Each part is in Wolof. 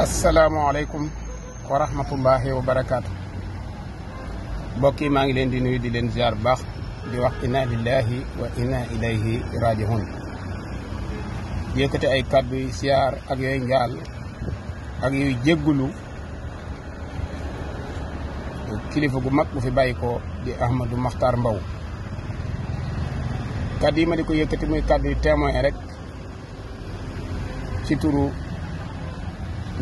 asalaamaaleykum wa rahmatullahi wa barakaatu mbokk yi maa ngi leen di nuyu di leen ziar baax di wax inna lillahi wa inna ilayhi rajiun yëkkati ay kàddu yu ak yooyu njaal ak yooyu jéggulu kilifa gu mag bu fi bàyyi ko di Ahmadou Makhtar Mbow kàddu yi ma di ko yëkkati muy kàddu yu témoin ci turu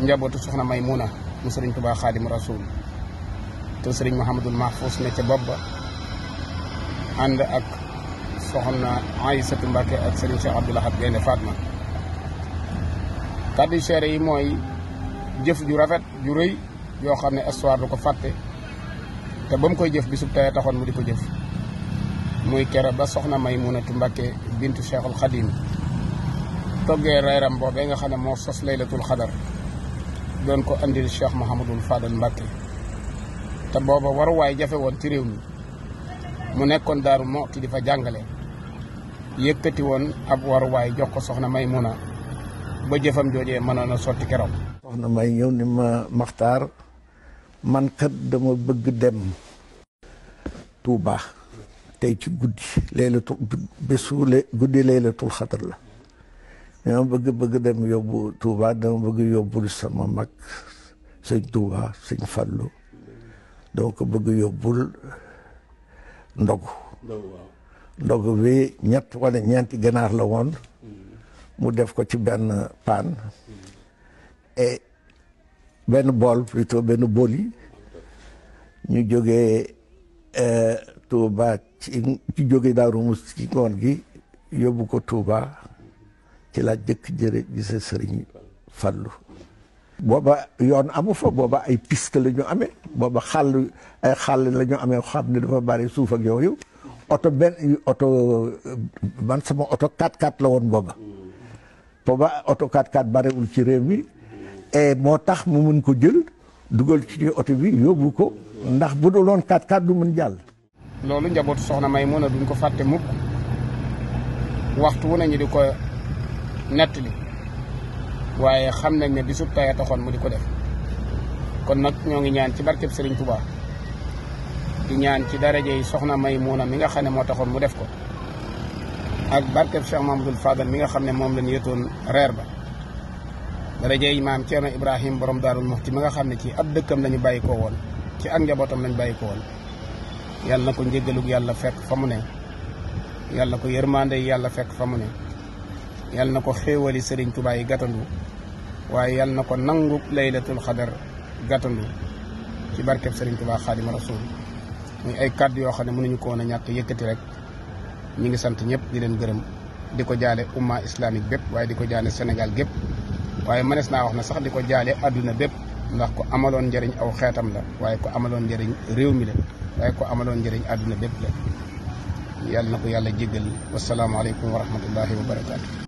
njabootu soxna Maymuna mu sëriñ Tuubaa Xaadimu Rasuul te sëriñ Mouhamadul Mahfous ne ca bopp ba ànd ak soxna Aysatu Mbàkke ak sëriñ Cheikh Abdou Lahad Gaynde Fatma kàddu seere yi mooy jëf ju rafet ju rëy yoo xam ne histoire du ko fàtte te ba mu koy jëf bisub tey taxoon mu di ko jëf muy kere ba soxna Maymunatu Mbàkke bintu Cheikhul Xadim toggee boo boobee nga xam ne moo sos laylatul xadar doon ko andil Cheikh Mouhamadul Fadal Mbacke te booba waruwaay jafe woon ci réew mi mu nekkoon daaru moo ki di fa jàngale yëkkati woon ab waruwaay jox ko soxna May Muna ba jëfam joojee mënoon a sotti keroog. soxna May ñëw ni ma maxtaar man kat dama bëgg dem Touba tey ci guddi laylatul bésu guddi xadar la dama bëgg bëgg dem yóbbu Touba dama bëgg yóbbul sama mag sëñ Touba sëñ Fallu dama ko bëgg yóbbul ndogu ndogu bi ñett wala ñeenti ganaar la woon mu def ko ci benn paan et benn bool plutôt benn boli ñu jóge e Touba ci ci jógee Daaru Musti gi yóbbu ko tuuba ci laa jëkk jëre gise sëriñ Fallou booba yoon amu fa booba ay piste la ñu amee booba xàll ay xàll la ñu amee xam ne dafa bari suuf ak yooyu oto benn oto ban sama oto 4 x la woon booba booba oto 4x4 bariwul ci réew mi et moo tax mu mën ko jël dugal ci oto bi yóbbu ko ndax bu dul loon 4x4 du mën jàll loolu njabootu soxna Maymuna duñ ko fàtte mukk waxtu wu nañu di ko nettali waaye xam nañ ne bisub taya taxoon mu di ko def kon nag ñoo ngi ñaan ci barkeb Serigne Touba di ñaan ci daraje yi soxna Maymuna mi nga xam ne moo taxoon mu def ko ak barkeb Cheikh Mamadou Fadal mi nga xam ne moom lañu yëtoon reer ba daraje yi maam Ceerno Ibrahim borom Daarul ci mi nga xam ne ci ab dëkkam lañu bàyyi woon ci ak njabootam lañu bàyyi ko woon na ko njëggalug yàlla fekk fa mu ne yàlla ko yërmande yàlla fekk famu mu ne yal na ko xéewali sëriñ Tuubaa yi gàttandu waaye yal na ko nangu laylatul xadar gàttandu ci barkeb sëriñ Tuubaa xaadima rasul muy ay kàddu yoo xam ne mënuñu ko woon a ñàkk yëkkati rek ñi ngi sant ñëpp di leen gërëm di ko jaale umma islamique bépp waaye di ko jaale Sénégal gépp waaye mënees naa wax na sax di ko jaale adduna bépp ndax ko amaloon njëriñ aw xeetam la waaye ko amaloon njariñ réew mi la waaye ko amaloon njëriñ adduna bépp la yàlla na ko yàlla jéggal wasalaamualeykum wa rahmatullahi wa barakaatu.